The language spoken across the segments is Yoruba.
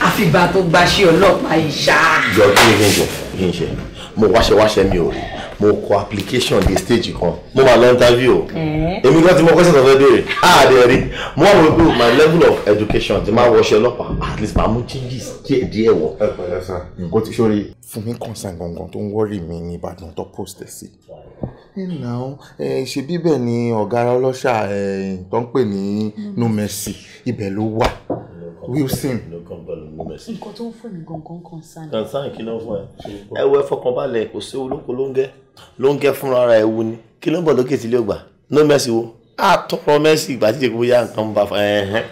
àfìgbà tó gbaṣẹ́ ọlọ́pàá yìí ṣá. jọ kí ni kí n ṣe kí n ṣe mo wáṣẹwáṣẹ mi ò rí mo kọ application dé stage kan mo máa lọ interview o èmi náà ti mọ question tó fẹ́ béèrè rí mo wà wọ́n pé my level of education ti máa wọṣẹ ọlọ́pàá at least máa mú changes díẹ̀ díẹ̀ wọ. ẹ pẹ̀lẹ́ sá o ti sórí fún mi concern gangan tó ń wọ́rì mi ní Ìbàdàn tó post ẹ̀ sí. ṣe bíbẹ̀ ni ọ̀gá ọlọ́ṣà tó ń pè ní hmm. no mercy ibẹ̀ ló wà. Wilson. nǹkan tó ń fún mi gangan concern. concern kí ló ń fún ẹ. ẹ wọ ẹfọkànbalẹ̀ kò sí olóko ló ń gẹ ló ń gẹ fúnra ara ẹ wu ni kí ló ń bọ̀ lókè tí ilé ògbà no mercy wo a tọrọ mercy ìgbà tí èkó yá nǹkan ń bá fa ẹhẹn.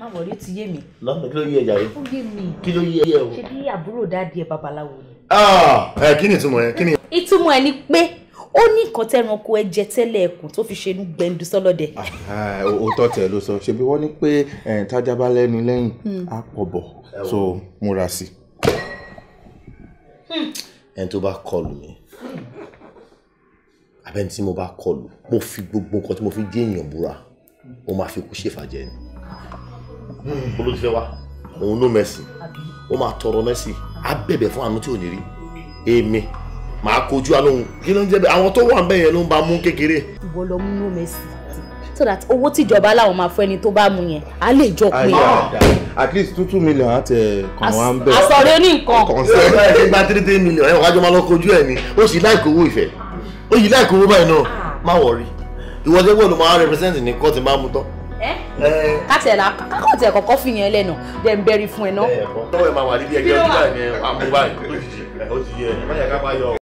má wọ̀ rí ti yé mi. lọ́nà kí ló yé ẹja rẹ. ó yé mi kí ló yé ẹ o. ṣe bí àbúrò dáadé ẹ babaláwo ni. Ah, ẹ kí ni ìtumọ̀ ẹ kí ni. ìtumọ̀ ẹ ni pé ó ní nǹkan tẹranko ẹjẹ tẹ́lẹ̀ ẹkùn tó fi ṣe gbẹndu sọlọdẹ. Ah, ah, òótọ́ tẹ̀ ló sọ ṣebí wọ́n ní pé eh, tájà bá lẹ́ni lẹ́yìn á hmm. pọ̀ bọ̀ so múra sí. Hmm. ẹni tó bá kọlù mi abẹ́ni tí mo bá kọlù mo fi gbogbo nǹkan tí mo fi jẹ́ èèyàn búra mo máa fi kú ṣèfàjẹ ni olùfẹ́ hmm. wa òun ló mẹ́sì ó máa tọrọ mẹ́sì á bẹ̀bẹ̀ fún àánú tí ò ní rí èmi màá kojú alóhùn kí ló ń jẹ́ bẹ́ẹ̀ àwọn tó wà ń bẹ̀ yẹn ló ń ba mú kékeré. ìwọ lọ mú Messi so that owó tíjọba láwọn máa fún ẹni tó bá mú yẹn á lè jọ pé. at least two two million àti kàn wá ń bẹ̀. àsọ̀rẹ́ ní nǹkan. kọ̀ǹsẹ̀ ẹ̀ ẹ̀ gba three three million ẹ̀ wájú máa lọ kojú ẹ̀ ni ó sì láìkó owó ìfẹ́ ó yìí láìkó owó báyìí náà má wọ̀rí ìwọ jẹ́ gbọ́dọ̀ máa represent ní kọ́ọ̀tì máa mú tán. káàtì ẹ̀ la káàtì ẹ̀ kọ̀kọ́ fi yẹn lẹ́nu dẹ̀ ń bẹ̀rẹ̀ fún ẹ náà. tọ́wọ́ ẹ̀ máa wà níbi ẹgbẹ́ ojú báyìí ni àmú báyìí ó ti yẹ ẹ̀